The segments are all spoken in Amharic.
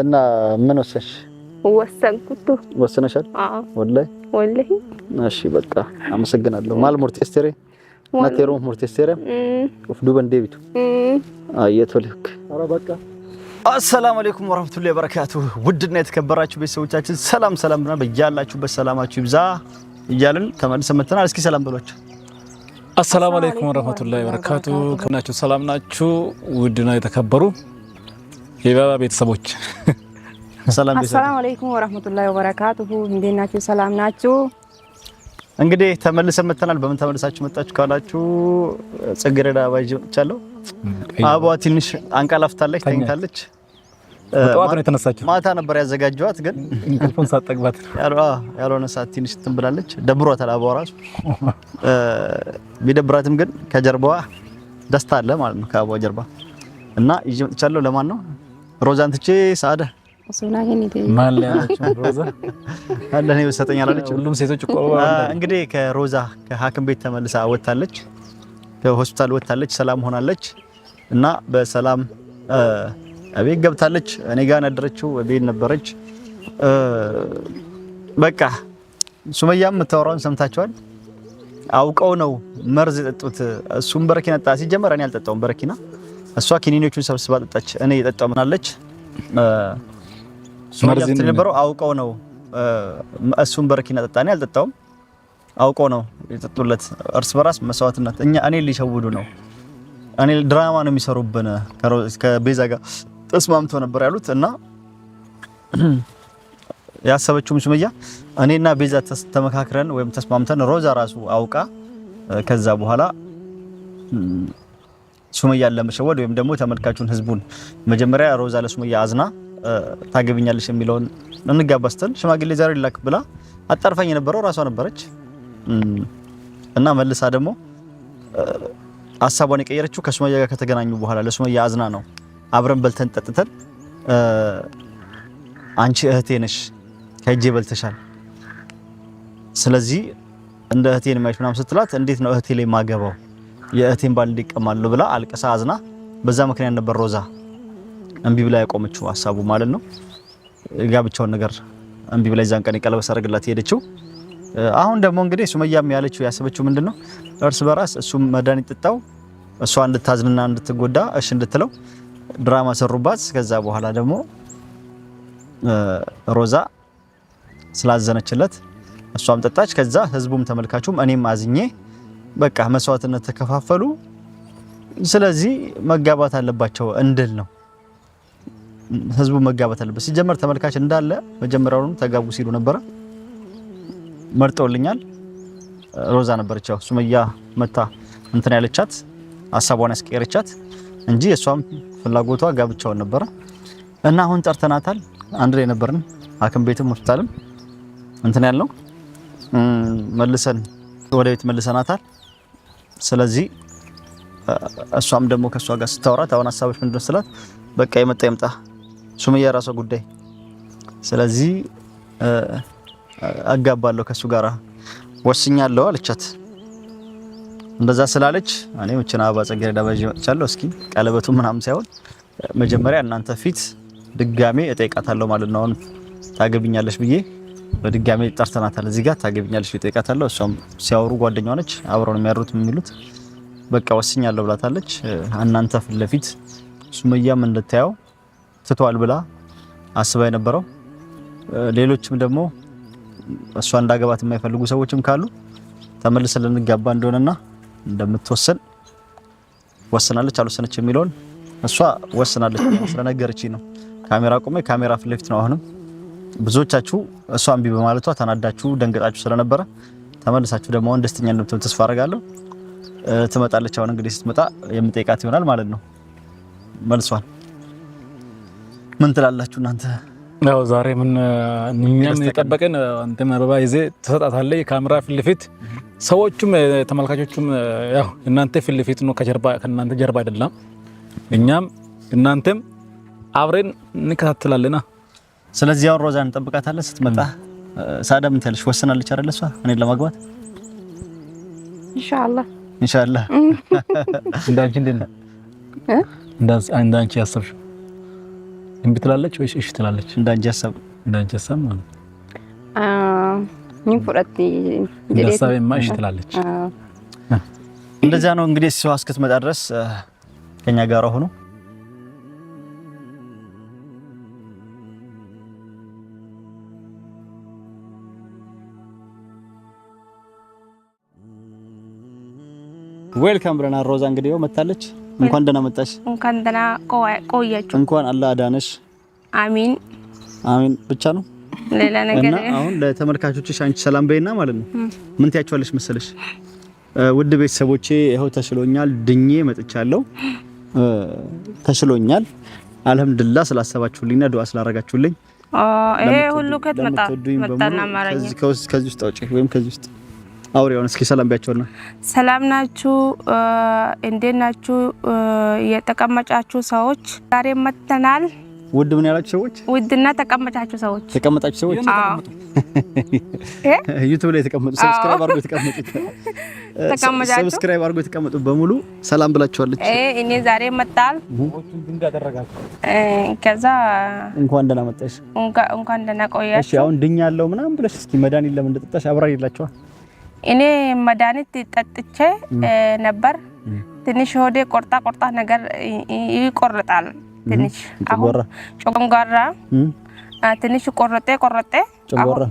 እና ምን ወሰንሽ? ወሰንኩት። ወሰነሻል? አዎ። ወላሂ ወላሂ። እሺ በቃ አመሰግናለሁ። ማል ሙርቴስቴሬ ናቴሩ ሙርቴስቴሬ ኡፍ ዱበን ዴቢቱ አየቶልክ አረ በቃ አሰላሙ አለይኩም ወራህመቱላሂ ወበረካቱ። ውድና የተከበራችሁ ቤተሰቦቻችን ሰላም ሰላም ብናል በያላችሁበት ሰላማችሁ ይብዛ እያልን ተመልሰን መጥተናል። እስኪ ሰላም ብሏችሁ። አሰላሙ አለይኩም ወራህመቱላሂ ወበረካቱ። ከናችሁ ሰላም ናችሁ? ውድና የተከበሩ የበባ ቤተሰቦች ሰላም አለይኩም ወራህመቱላሂ ወበረካቱሁ። እንዴት ናችሁ? ሰላም ናችሁ? እንግዲህ ተመልሰን መተናል። በምን ተመልሳችሁ መጣችሁ ካላችሁ ጽጌረዳ አበባ ይዤ መጥቻለሁ። ትንሽ አንቀላፍታለች፣ ተኝታለች። ጠዋት ነው ማታ ነበር ያዘጋጀዋት፣ ግን እንቅልፉን ሳጠግባት ያልሆነ ሰዓት ትንሽ እንትን ብላለች። ደብሯታል። አበባዋ ራሱ ቢደብራትም ግን ከጀርባዋ ደስታ አለ ማለት ነው፣ ከአበባ ጀርባ እና ይዤ መጥቻለሁ። ለማን ነው ሮዛን ትቼ ሳዳ አለ ሰጠኝ አላለች። ሁሉም ሴቶች እኮ እንግዲህ ከሮዛ ከሐኪም ቤት ተመልሳ ወጣለች፣ ከሆስፒታል ወጣለች፣ ሰላም ሆናለች እና በሰላም ቤት ገብታለች። እኔ ጋር ያደረችው ቤት ነበረች። በቃ ሱመያም የምታወራውን ሰምታችኋል። አውቀው ነው መርዝ የጠጡት። እሱም በረኪና ጣ ሲጀመር እኔ አልጠጣውም በረኪና እሷ ኪኒኒዎቹን ሰብስባ ጠጣች። እኔ የጠጣው ምናለች ነበረው አውቀው ነው። እሱን በረኪና ጠጣ፣ እኔ አልጠጣውም። አውቀው ነው የጠጡለት። እርስ በራስ መስዋዕትነት። እኛ እኔ ሊሸውዱ ነው፣ እኔ ድራማ ነው የሚሰሩብን። ከቤዛ ጋር ተስማምቶ ነበር ያሉት እና ያሰበችውም ሱመያ እኔና ቤዛ ተመካክረን ወይም ተስማምተን ሮዛ ራሱ አውቃ ከዛ በኋላ ሱመያን ለመሸወድ ወይም ደግሞ ተመልካቹን ህዝቡን መጀመሪያ ሮዛ ለሱመያ አዝና ታገብኛለች የሚለውን እንጋባ ስትል ሽማግሌ ዛሬ ላክ ብላ አጣርፋኝ የነበረው ራሷ ነበረች እና መልሳ ደግሞ ሀሳቧን የቀየረችው ከሱመያ ጋር ከተገናኙ በኋላ ለሱመያ አዝና ነው። አብረን በልተን ጠጥተን አንቺ እህቴ ነሽ ከእጄ በልተሻል፣ ስለዚህ እንደ እህቴ ነው ምናምን ስትላት እንዴት ነው እህቴ ላይ ማገባው የእህቴን ባል ሊቀማሉ ብላ አልቅሳ አዝና፣ በዛ ምክንያት ነበር ሮዛ እምቢ ብላ ያቆመችው ሀሳቡ ማለት ነው። ጋብቻውን ነገር እምቢ ብላ ዛን ቀን ቀለበት ሄደችው። አሁን ደግሞ እንግዲህ ሱመያም ያለችው ያሰበችው ምንድነው እርስ በራስ እሱም መድኃኒት ጥጣው እሷ እንድታዝንና እንድትጎዳ እሺ እንድትለው ድራማ ሰሩባት። ከዛ በኋላ ደግሞ ሮዛ ስላዘነችለት እሷም ጠጣች። ከዛ ህዝቡም ተመልካቹም እኔም አዝኜ በቃ መስዋዕትነት ተከፋፈሉ። ስለዚህ መጋባት አለባቸው እንድል ነው ህዝቡ መጋባት አለበት። ሲጀመር ተመልካች እንዳለ መጀመሪያውኑ ተጋቡ ሲሉ ነበረ። መርጠውልኛል። ሮዛ ነበረች ያው ሱመያ መታ እንትን ያለቻት ሀሳቧን ያስቀየረቻት እንጂ እሷም ፍላጎቷ ጋብቻውን ነበረ እና አሁን ጠርተናታል። አንድ ላይ ነበርን ሐኪም ቤትም ሆስፒታልም እንትን ያለው መልሰን ወደ ቤት መልሰናታል። ስለዚህ እሷም ደግሞ ከእሷ ጋር ስታወራት አሁን ሀሳቦች ምንድነው ስላት በቃ የመጣ ይምጣ ሱምያ የራሷ ጉዳይ ስለዚህ አጋባለሁ ከሱ ጋር ወስኛለሁ አለቻት። እንደዛ ስላለች እኔ መቼና አባ ጸጌረዳ በጅ መጥቻለሁ። እስኪ ቀለበቱ ምናምን ሳይሆን መጀመሪያ እናንተ ፊት ድጋሜ እጠይቃታለሁ ማለት ነው። አሁን ታገብኛለች ብዬ በድጋሚ ጠርተናታል። እዚህ ጋር ታገብኛለች እጠይቃታለሁ። እሷም ሲያወሩ ጓደኛ ነች፣ አብረው ነው የሚያድሩት የሚሉት። በቃ ወስኛለሁ ብላታለች። እናንተ ፊት ለፊት ሱመያም እንድታየው ትቷል ብላ አስባ የነበረው ሌሎችም ደግሞ እሷ እንዳገባት የማይፈልጉ ሰዎችም ካሉ ተመልሰን ልንጋባ እንደሆነና እንደምትወሰን ወስናለች አልወሰነች የሚለውን እሷ ወስናለች ስለነገረች ነው። ካሜራ ቆሜ ካሜራ ፊት ለፊት ነው አሁንም ብዙዎቻችሁ እሷ እምቢ በማለቷ ተናዳችሁ ደንገጣችሁ ስለነበረ ተመልሳችሁ ደግሞ አሁን ደስተኛ እንደምትሆን ተስፋ አደርጋለሁ። ትመጣለች። አሁን እንግዲህ ስትመጣ የምጠይቃት ይሆናል ማለት ነው መልሷን። ምን ትላላችሁ እናንተ? ያው ዛሬ ምን እኛም የጠበቅን አንተ አበባ ይዜ ትሰጣታለህ ካሜራ ፊት ለፊት ሰዎቹም ተመልካቾቹም ያው እናንተ ፊት ለፊት ነው፣ ከጀርባ ከእናንተ ጀርባ አይደለም። እኛም እናንተም አብረን እንከታተላለና ስለዚህ ያው ሮዛን እንጠብቃታለን። ስትመጣ ሳዳ ምን ትያለሽ? ወስናለች አይደል? እሷ እኔን ለማግባት ኢንሻአላህ ኢንሻአላህ። እንዳንቺ እንደነ ነው እንዳንቺ እንዳንቺ ያሰብሽው እምቢ ትላለች ወይስ እሺ ትላለች? እንዳንቺ ያሰብ እንዳንቺ ያሰብ ማለት አ ምን ፍራቲ እንዳሳበማ እሺ ትላለች። እንደዛ ነው እንግዲህ እሷ እስክትመጣ ድረስ ከኛ ጋር ሆኖ ዌልካም ብለናል። ሮዛ እንግዲህ መታለች። እንኳን ደህና መጣሽ። እንኳን ደህና ቆያችሁ። እንኳን አላህ አዳነሽ። አሚን አሚን ብቻ ነው ሌላ ነገር። እና አሁን ለተመልካቾችሽ አንቺ ሰላም በይና ማለት ነው። ምን ትያቸዋለሽ መሰለሽ? ውድ ቤተሰቦቼ ይኸው ተሽሎኛል፣ ድኜ መጥቻለሁ። ተሽሎኛል አልሐምዱሊላህ። ስላሰባችሁልኝና ዱዓ ስላረጋችሁልኝ ይሄ ሁሉ ከመጣ መጣና ማረኝ ከዚህ ውስጥ አውጪ ወይም ከዚህ ውስጥ አውሬውን እስኪ ሰላም ቢያቸውና ሰላም ናችሁ፣ እንዴት ናችሁ የተቀመጫችሁ ሰዎች? ዛሬ መጥተናል። ውድ ምን ያላችሁ ሰዎች፣ ውድና ተቀመጫችሁ ሰዎች፣ ተቀመጣችሁ ሰዎች፣ ዩቲዩብ ላይ ተቀመጡ፣ ሰብስክራይብ አድርጎ ተቀመጡ፣ ተቀመጣችሁ ሰብስክራይብ አድርጎ ተቀመጡ። በሙሉ ሰላም ብላችኋለች። እኔ ዛሬ መጣል ከዛ እንኳን ደህና መጣሽ፣ እንኳን ደህና ቆያሽ። አሁን ድኛ ያለው ምናምን ብለሽ እስኪ መድኃኒት ለምን እንደጠጣሽ አብራሪላችኋል። እኔ መድኃኒት ጠጥቼ ነበር። ትንሽ ሆዴ ቆርጣ ቆርጣ ነገር ይቆርጣል። ትንሽ አሁን ጨጓራ ትንሽ ቆረጤ ቆረጤ ጨጓራ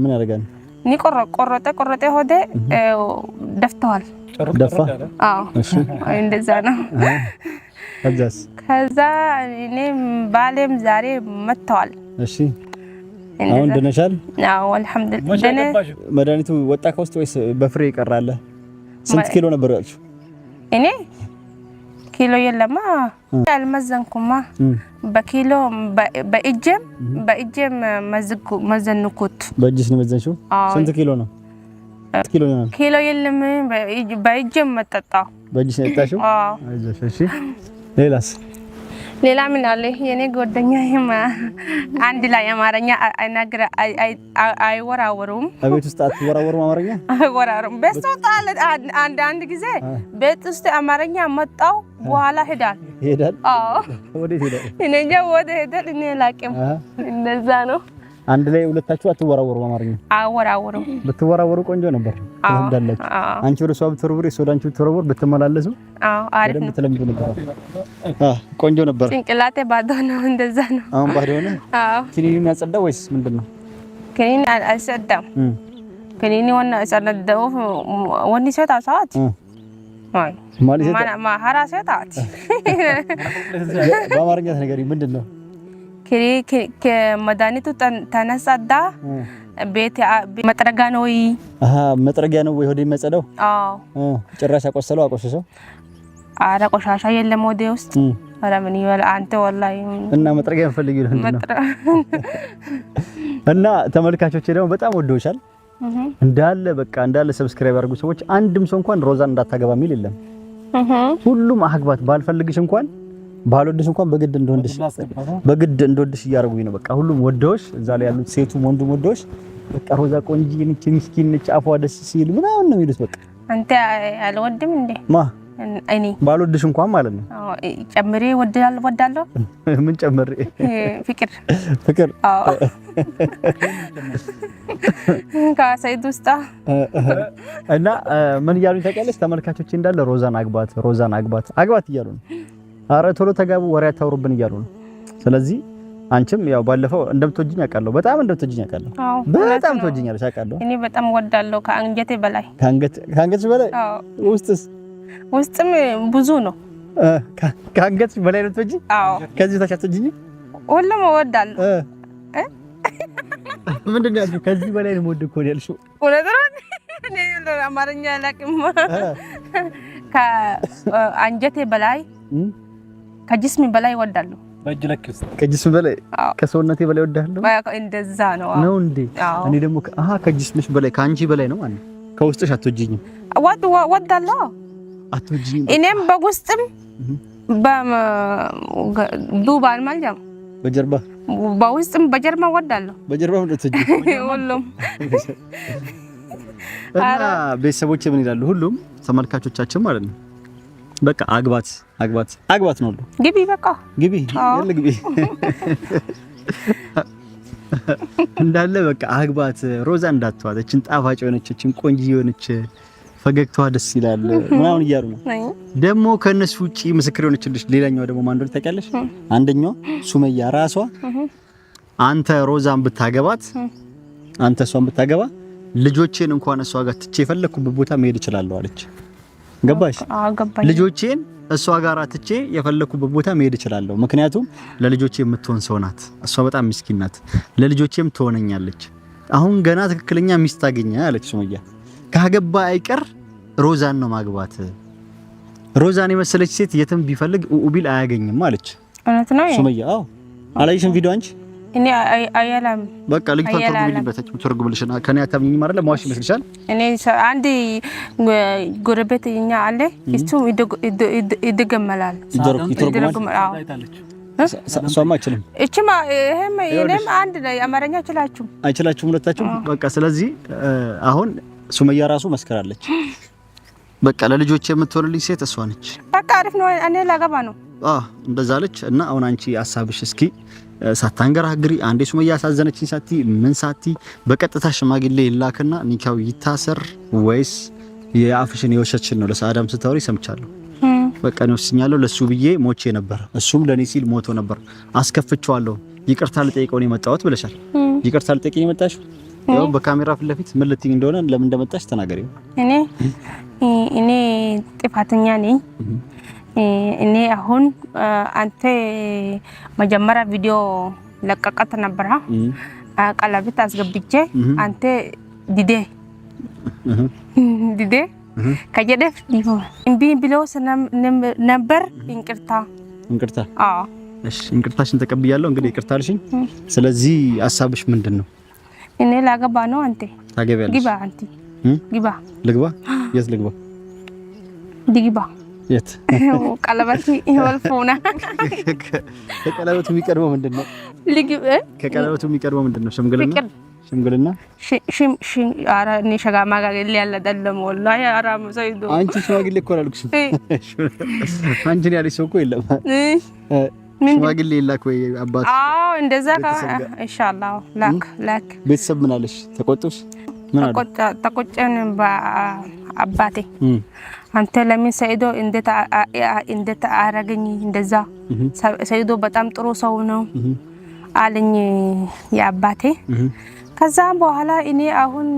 ምን ያደርጋል? እኔ ቆረጤ ቆረጤ ሆዴ ደፍተዋል። ደፋ? አዎ እንደዛ ነው። ከዛ እኔ ባሌም ዛሬ መጥተዋል። እሺ አሁን ድነሻል? አዎ አልሐምዱሊላህ። መድኃኒቱ ወጣ ከውስጥ ወይስ በፍሬ ይቀራል? ስንት ኪሎ ነበር ያልሽው? እኔ ኪሎ የለማ አልመዘንኩማ። በኪሎ በእጄም በእጄም መዘንኩት። በእጅሽ ነው መዘንሽው? ስንት ኪሎ ነው? ኪሎ ነው ኪሎ የለም። በእጄም መጠጣው። በእጅሽ ነው የጠጣሽው? ሌላስ ሌላ ምን አለ? የኔ ጓደኛ አንድ ላይ አማርኛ አይናገር አይወራወሩም። አቤት ውስጥ አትወራወሩም? አማርኛ አይወራወሩም። በሱ ጣል አንድ ጊዜ ቤት ውስጥ አማርኛ መጣው በኋላ ሄዳል ሄዳል። አዎ ወዴት ሄዳል? እኔ ወደ ሄዳል እኔ ላቅም እንደዛ ነው አንድ ላይ ሁለታችሁ አትወራወሩ። በአማርኛ አወራወሩ ብትወራወሩ ቆንጆ ነበር። ትለምዳላችሁ። አንቺ ወደ እሷ ብትወረውር፣ እሷ ወደ አንቺ ብትወረውር፣ ብትመላለሱ አሪፍ ነው። ትለምዱ ነበር። አዎ ቆንጆ ነበር። ጭንቅላቴ ባዶ ነው። እንደዛ ነው። አሁን ባዶ ነው። አዎ ክኒን ያጸዳ ወይስ ምንድን ነው? ክኒን አልጸዳም። ክኒን ወና ያጸዳው ወኒ ሰጣ ሰዓት ማን ማን ሀራ ሰጣት በአማርኛ ነገር ምንድን ነው? ከመድኃኒቱ ተነሳዳ ቤት መጥረጋ ነው ወይ መጥረጊያ ነው ወይ ሆዴ መጸዳው? አዎ። ጭራሽ አቆሰለው አቆሸሸው? አረ ቆሻሻ የለም ወደ ውስጥ አረ ምን ይበል አንተ ወላሂ። እና መጥረጊያ እንፈልግ ይሉ እና ተመልካቾቼ ደግሞ በጣም ወደውሻል እንዳለ በቃ እንዳለ ሰብስክራይብ አድርጉ ሰዎች። አንድም ሰው እንኳን ሮዛን እንዳታገባ የሚል የለም። ሁሉም አግባት ባልፈልግሽ እንኳን ባልወድሽ እንኳን በግድ እንደወድሽ በግድ እንደወድሽ እያደረጉኝ ነው። በቃ ሁሉም ወደውሽ እዛ ላይ ያሉት ሴቱም ወንዱም ወደውሽ በቃ ሮዛ ቆንጂ ነች፣ ምስኪን ነች፣ አፏ ደስ ሲል ምናምን ነው የሚሉት። በቃ አንተ አልወድም እንዴ ማ እኔ ባልወድሽ እንኳን ማለት ነው። ጨምሬ ወዳል ወዳለሁ። ምን ጨምሬ? ፍቅር ፍቅር። አዎ ከሰይድ ውስጥ እና ምን እያሉኝ ታውቂያለሽ? ተመልካቾች እንዳለ ሮዛን አግባት፣ ሮዛን አግባት፣ አግባት እያሉ ነው አረ ቶሎ ተጋቡ ወሬ አታውሩብን እያሉ ነው። ስለዚህ አንቺም ያው ባለፈው እንደምትወጂኝ አውቃለሁ። በጣም እንደምትወጂኝ አውቃለሁ። በጣም ትወጂኛለሽ አውቃለሁ። እኔ በጣም ወዳለሁ ከአንገቴ በላይ ከአንገት ከአንገትሽ በላይ ውስጥስ ውስጥም ብዙ ነው። ከአንገት በላይ ነው ትወጂኝ። ከዚህ ታች አትወጂኝም። ሁሉም እወዳለሁ ምንድን ነው ያልሽው? ከዚህ በላይ ነው የምወድህ እኮ ነው ያልሽው። እውነት ነው። እኔ አማርኛ አላውቅም። ከአንጀቴ በላይ ከጅስም በላይ እወዳለሁ። ከጅስም በላይ ከሰውነቴ በላይ እወዳለሁ። እንደዛ ነው ነው እንዴ? እኔ ደግሞ አሃ ከጅስምሽ በላይ ከአንቺ በላይ ነው ማለት ከውስጥሽ አትወጂኝም? ወድ አትወጂኝም። እኔም በውስጥም በዱባን ማለት በጀርባ በውስጥም በጀርባ ወዳለሁ። በጀርባ ማለት ሁሉም እና ቤተሰቦቼ ምን ይላሉ? ሁሉም ተመልካቾቻችን ማለት ነው በቃ አግባት አግባት አግባት ነው። ግቢ በቃ ግቢ ያለ ግቢ እንዳለ በቃ አግባት። ሮዛ እንዳትዋት፣ እችን ጣፋጭ የሆነች እችን ቆንጂ የሆነች ፈገግታዋ ደስ ይላል ምናምን እያሉ ነው። ደግሞ ከእነሱ ውጪ ምስክር የሆነችልሽ ሌላኛዋ ደግሞ ማንዶል ታውቂያለሽ? አንደኛው ሱመያ ራሷ አንተ ሮዛን ብታገባት፣ አንተ እሷን ብታገባ ልጆቼን እንኳን እሷ ጋር ትቼ የፈለኩበት ቦታ መሄድ እችላለሁ አለች። ገባሽ? ልጆቼን እሷ ጋር ትቼ የፈለኩበት ቦታ መሄድ እችላለሁ። ምክንያቱም ለልጆቼ የምትሆን ሰው ናት። እሷ በጣም ምስኪን ናት፣ ለልጆቼም ትሆነኛለች። አሁን ገና ትክክለኛ ሚስት ታገኘ አለች ሱመያ። ካገባ አይቀር ሮዛን ነው ማግባት። ሮዛን የመሰለች ሴት የትም ቢፈልግ ኡቢል አያገኝም አለች። እውነት ነው ሱመያ። አዎ አላየሽም ቪዲዮ አንቺ እኔ አያላም በቃ ልጅቷ ተርጉምልኝ በታች ተርጉምልሽና ከኔ አታምኚኝ ማለት ለማዋሽ ይመስልሻል? እኔ አንድ ጎረቤት እኛ አለ እሱ ይደገመላል ይተርጉማል። አይችልም። እቺማ እሄም እኔም አንድ ላይ አማርኛ አይችላችሁም አይችላችሁም ሁለታችሁም። በቃ ስለዚህ አሁን ሱመያ ራሱ መስከራለች። በቃ ለልጆች የምትሆንልኝ ሴት እሷ ነች። በቃ አሪፍ ነው። እኔ ላገባ ነው። እንደዛ አለች። እና አሁን አንቺ ሀሳብሽ እስኪ ሳታንገራግሪ አንዴ ሱመያ ያሳዘነችኝ ሳቲ ምን ሳቲ በቀጥታ ሽማግሌ ይላክና ኒካው ይታሰር ወይስ የአፍሽን የወሸችን ነው ለሳዳም ስታወሪ ሰምቻለሁ። በቃ ነው ወስኛለሁ። ለሱ ብዬ ሞቼ ነበር፣ እሱም ለኔ ሲል ሞቶ ነበር። አስከፍቼዋለሁ። ይቅርታ ልጠይቀው ነው የመጣሁት ብለሻል። ይቅርታ ልጠይቅ ነው የመጣሽው። ያው በካሜራ ፊት ለፊት ምን ልትይኝ እንደሆነ ለምን እንደመጣሽ ተናገሪ። እኔ እኔ ጥፋተኛ ነኝ እኔ አሁን አንተ መጀመሪያ ቪዲዮ ለቀቀት ነበረ። ቀለበት አስገብቼ አንተ ዲዴ ዲዴ ከጀደፍ እምቢ ብሎ ነበር። እንቅርታ እንቅርታ፣ እሺ እንቅርታሽን ተቀብያለሁ። እንግዲህ ይቅርታ አልሽኝ። ስለዚህ ሀሳብሽ ምንድን ነው? እኔ ላገባ ነው። አንተ ታገቢያለሽ? ግባ አንተ ግባ። ልግባ? የት ልግባ? ዲግባ የት ቀለበት ይወልፉና ከቀለበቱ የሚቀድመው ምንድን ነው? ከቀለበቱ የሚቀድመው ምንድን ነው? ሽምግልና ሽምግልና ሽም ሽም ኧረ እኔ ሸጋማ ጋር ያለ ደለም ወላሂ ኧረ ሰው ይዞ አንቺ ሽማግሌ እኮ አላልኩሽም። አንቺን ያለች ሰው እኮ የለም። ሽማግሌ ላክ ወይ አባት። አዎ እንደዛ ኢንሻአላህ ላክ ላክ። ቤተሰብ ምን አለሽ? ተቆጥሽ? ምን አለ? ተቆጨን በአባቴ አንተ ለምን ሰይዶ እንዴት አረገኝ? እንደዛ ሰይዶ በጣም ጥሩ ሰው ነው አለኝ የአባቴ። ከዛም በኋላ እኔ አሁን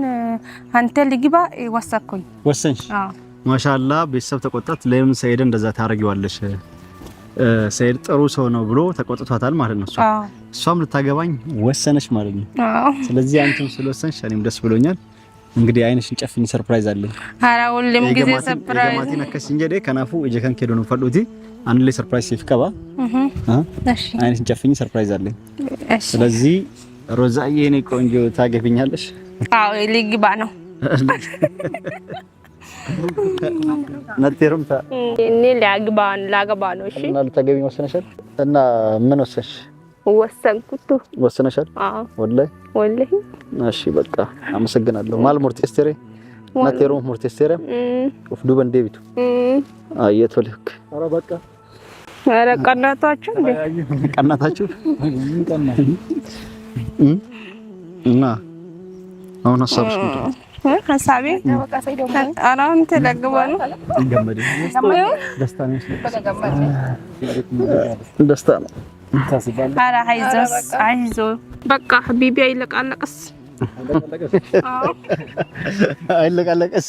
አንተ ልግባ ወሰንኩኝ። ወሰንሽ? ማሻላ ቤተሰብ ተቆጣት። ለምን ሰይደ እንደዛ ታረጊዋለሽ? ሰይድ ጥሩ ሰው ነው ብሎ ተቆጥቷታል ማለት ነው። እሷም ልታገባኝ ወሰነች ማለት ነው። ስለዚህ አንቺም ስለወሰንሽ እኔም ደስ ብሎኛል። እንግዲህ አይንሽን ጨፍኝ፣ ሰርፕራይዝ አለ። ኧረ ሁሉም ጊዜ ሰርፕራይዝ ማቲ ነከስ እንጀዴ ከናፉ እጀከን ከዶኑ ፈሉቲ አንድ ላይ ሰርፕራይዝ ሲፍቀባ እሺ፣ አይንሽን ጨፍኝ፣ ሰርፕራይዝ አለ። ስለዚህ ሮዛዬ የኔ ቆንጆ ታገቢኛለሽ? አዎ፣ ሊግባ ነው ነቴሩም ታ እኔ ላግባ ነው። እሺ፣ እና ልታገቢ ወሰነሽ? እና ምን ወሰንሽ? ወሰንኩት። ወሰነሻል? አዎ። ወላሂ እሺ በቃ አመሰግናለሁ። ማል ሙርቴስቴሬ ናቴሩ ሙርቴስቴሬ ኡፍ ዱበን ዴቪቱ አየቶ ልክ። ኧረ በቃ ኧረ ቀናታችሁ እንዴ ቀናታችሁ እና አሁን ሀሳብሽ ምንድን ነው? ሀሳቤ ደስታ ነው። ኧረ አይዞሽ አይዞ በቃ ቢቢ አይለቃለቅስ አይለቃለቅስ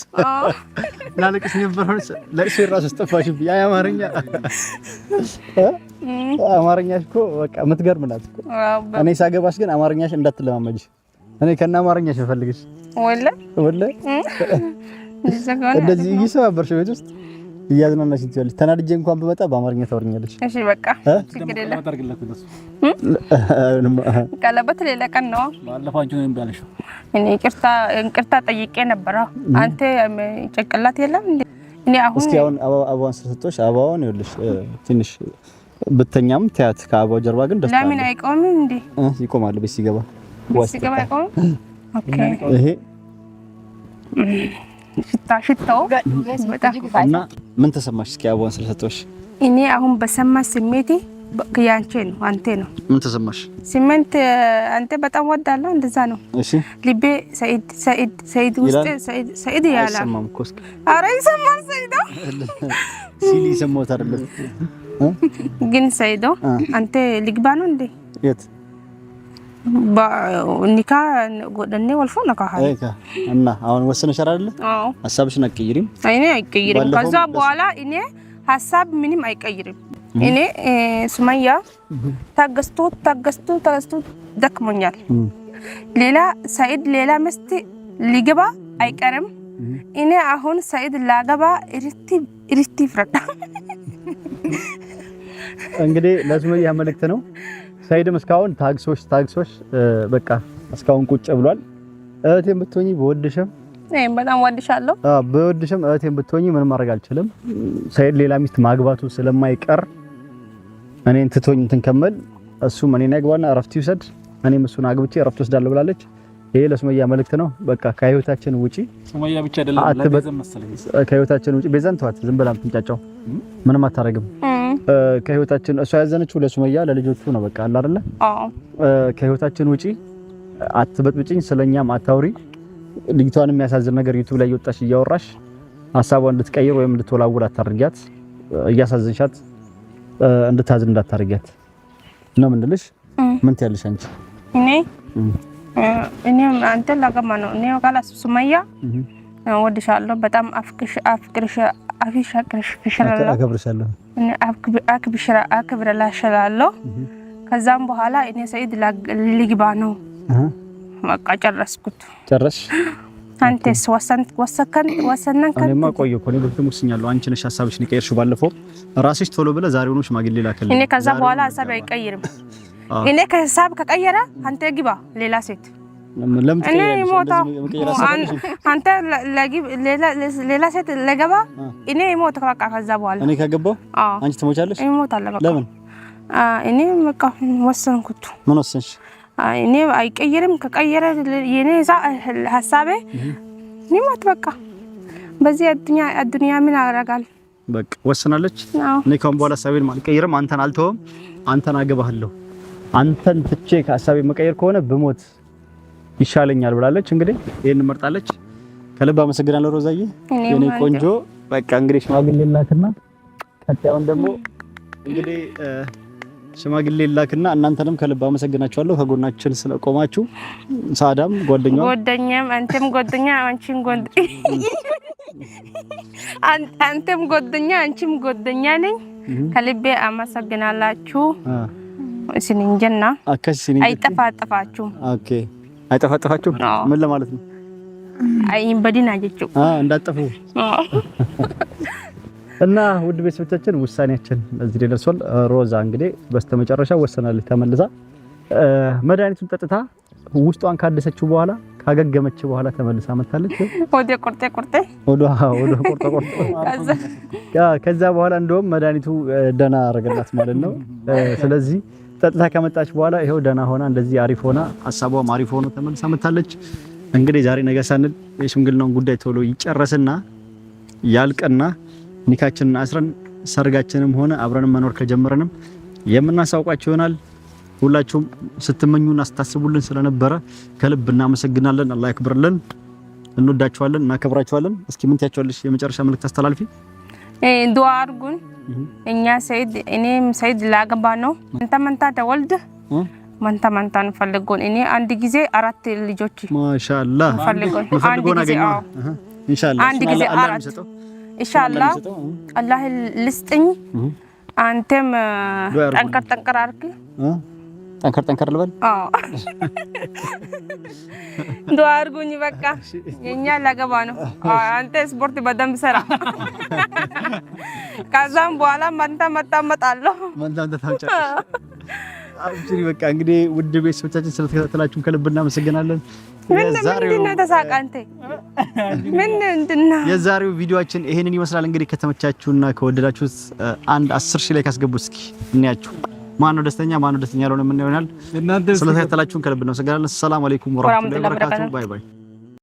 ላለቅስ ነበር። ለቅሶ የራሱ አስጠፋሽብኝ። አይ አማርኛ አማርኛሽ እኮ በቃ የምትገርም ናት እኮ። እኔ ሳገባሽ ግን አማርኛሽ እንዳትለማመጅ እኔ ከእነ አማርኛሽ እፈልግሽ ወላሂ ወላሂ እንደዚህ እየሰባበርሽ ቤት ውስጥ እያዝናናሽኝ ትችላለች። ተናድጄ እንኳን ብመጣ በአማርኛ ታወሪኛለች። እሺ በቃ ችግር የለም። ቀለበት ሌላ ቀን ነው። እኔ ይቅርታ ጠይቄ ነበረ። አንተ ጭንቅላት የለም። እኔ አሁን እስኪ አሁን አበባውን ስለሰጠሁሽ አበባውን ይኸውልሽ ትንሽ ብተኛም ትያት ከአበባው ጀርባ ግን ደስታ ለምን አይቆምም እንዴ? ይቆማል። ቤት ሲገባ ሲገባ አይቆምም። ኦኬ ይሄ ሽታ ሽታው እና ምን ተሰማሽ? እስኪ አበባውን ስለሰጠሽ እኔ አሁን በሰማ ስሜቴ ያንቺ ነው አንቴ ነው። ምን ተሰማሽ? ስሜንት አንተ በጣም ወዳለሁ እንደዛ ነው። እሺ ልቤ ሰኢድ ሰኢድ ሰኢድ ውስጥ ሰኢድ ሰኢድ ያላ አይሰማም እኮ እስኪ ኧረ ይሰማል። ሰኢድ ሲል ይሰማውት አይደለም ግን ሰኢድ አንተ ልግባ ነው እንዴ የት ኒካ ጎደኔ ወልፎ ነካሃል እና አሁን ወስነሻል አይደለ? ሀሳብሽን አይቀይሪም። እኔ አይቀይርም። ከዛ በኋላ እኔ ሀሳብ ምንም አይቀይርም። እኔ ሱመያ ታገስቶ ታገስቶ ታገስቶ ደክሞኛል። ሌላ ሰኢድ ሌላ ሚስት ሊገባ አይቀርም። እኔ አሁን ሰኢድ ላገባ ሪቲ ፍረዳ። እንግዲህ ለሱመያ መልእክት ነው ሳይድም እስካሁን ታግሶሽ ታግሶሽ በቃ እስካሁን ቁጭ ብሏል። እህቴን ብትሆኚ በወድሽም እኔም በጣም ወድሻለሁ። አዎ በወድሽም እህቴን ብትሆኚ ምንም ማድረግ አልችልም። ሳይድ ሌላ ሚስት ማግባቱ ስለማይቀር እኔን ትቶኝ እንትን ከመል እሱም እኔን ያግባና እረፍት ይውሰድ፣ እኔም እሱን አግብቼ እረፍት ወስዳለሁ ብላለች። ይሄ ለሱመያ መልእክት ነው። በቃ ከህይወታችን ውጪ ሱመያ ብቻ አይደለም ለቤዛም መሰለኝ ከህይወታችን ውጪ ቤዛን ተዋት። ዝም ብላ ትንጫጫው ምንም አታረግም። ከህይወታችን እሷ ያዘነችው ለሱመያ ለልጆቹ ነው። በቃ አለ አይደለ? አዎ ከህይወታችን ውጪ አትበጥብጭኝ፣ ስለኛም አታውሪ። ልጅቷን የሚያሳዝን ነገር ዩቲዩብ ላይ እየወጣሽ እያወራሽ ሀሳቧን እንድትቀይር ወይም እንድትወላውል አታርጊያት። እያሳዝንሻት እንድታዝን እንዳታርጊያት ነው ምንልሽ። ምን ትያለሽ አንቺ? እኔ እኔ አንተ ላገማ ነው እኔ ሱመያ ወድሻለሁ በጣም አክብረላሻለሁ። ከዛም በኋላ እኔ ሰኢድ ሊግባ ነው። በቃ ጨረስኩት። ጨረስሽ? አንተስ ወሰንከን? እኔማ ቆየሁ እኮ እኔ በፊትም ወስኛለሁ። አንቺ ነሽ ሀሳብሽን የቀየርሽው። ባለፈው ራስሽ ቶሎ ብለህ ዛሬ ሽማግሌ ላከልኝ። እኔ ከዛ በኋላ ሀሳብ አይቀይርም። እኔ ከሀሳብ ከቀየረ አንተ ግባ ሌላ ሴት አንተ ሌላ ሴት ለገባ እኔ ይሞት በቃ። ከዛ በኋላ እኔ አንቺ ትሞቻለሽ። ይሞታል በቃ። ለምን እኔ በቃ ወሰንኩት። ምን ወሰንሽ? እኔ አይቀየርም። ከቀየረ የኔ ሀሳቤ ይሞት በቃ። በዚህ አዱንያ ምን አረጋል በቃ ወሰናለች። እኔ ከአሁን በኋላ ሀሳቤን አልቀይርም። አንተን አንተን አንተን ትቼ ከሀሳቤ መቀየር ከሆነ ብሞት ይሻለኛል ብላለች። እንግዲህ ይሄን መርጣለች። ከልብ አመሰግናለሁ ሮዛዬ፣ የኔ ቆንጆ። በቃ እንግዲህ ሽማግሌ ላክና ቀጣዩን ደግሞ እንግዲህ ሽማግሌ ላክና እናንተንም ከልብ አመሰግናችኋለሁ ከጎናችን ስለቆማችሁ። ሳዳም ጓደኛው ጓደኛም አንተም ጓደኛ አንቺም ጓደኛ አንተም ጓደኛ አንቺም ጓደኛ ነኝ። ከልቤ አመሰግናላችሁ። አከስ ስንንጀና አይጠፋጠፋችሁም። ኦኬ አይጠፋጠፋችሁም? ምን ለማለት ነው? አይ በዲና አጀችው እንዳጠፉ እና ውድ ቤተሰቦቻችን ውሳኔያችን እዚህ ላይ ደርሷል። ሮዛ እንግዲህ በስተመጨረሻ ወሰናለች። ተመልሳ መድኃኒቱን ጠጥታ ውስጧን ካደሰችው በኋላ ካገገመች በኋላ ተመልሳ መታለች። ወደ ቁርጤ ቁርጤ ወደ ወደ ቁርጤ ቁርጤ ከዛ በኋላ እንደውም መድኃኒቱ ደህና አደረገላት ማለት ነው። ስለዚህ ጸጥታ ከመጣች በኋላ ይሄው ደህና ሆና እንደዚህ አሪፍ ሆና ሀሳቧም አሪፍ ሆኖ ተመልሳ መታለች። እንግዲህ ዛሬ ነገ ሳንል የሽምግልናውን ጉዳይ ቶሎ ይጨረስና ያልቅና ኒካችንን አስረን ሰርጋችንም ሆነ አብረን መኖር ከጀመረንም የምናሳውቃችሁ ይሆናል። ሁላችሁም ስትመኙና ስታስቡልን ስለነበረ ከልብ እናመሰግናለን። አላህ ያክብርልን። እንወዳችኋለን፣ እናከብራችኋለን። እስኪ ምን ትያቸዋለሽ? የመጨረሻ መልእክት አስተላልፊ ዱዓ አድርጉን። እኛ ሰይድ እኔም ሰይድ ላገባ ነው። መንታ መንታ ተወልድ መንታ መንታ እንፈልገውን እኔ አንድ ጊዜ አራት ልጆች ማሻአላ እንፈልገውን አንድ ጊዜ አራት ኢንሻአላህ አላህ ልስጥኝ። አንተም ጠንቀር ጠንቀር አድርግ ጠንከር ጠንከር ልበል። እንደው አድርጉኝ በቃ የኛ ላገባ ነው። አንተ ስፖርት በደንብ ሰራ። ከዛም በኋላ መንታ መጣ መጣለሁ። በቃ እንግዲህ ውድ ቤተሰቦቻችን ስለተከታተላችሁን ከልብ እናመሰግናለን። የዛሬው ቪዲዮአችን ይሄንን ይመስላል። እንግዲህ ከተመቻችሁና ከወደዳችሁት አንድ አስር ሺህ ላይ ካስገቡት እስኪ እንያችሁ። ማን ነው ደስተኛ ማን ነው ደስተኛ ያልሆነ ምን ይሆናል። ስለተከታተላችሁን ከልብ እናመሰግናለን። ሰላም አለይኩም ወራህመቱላሂ ወበረካቱ። ባይ ባይ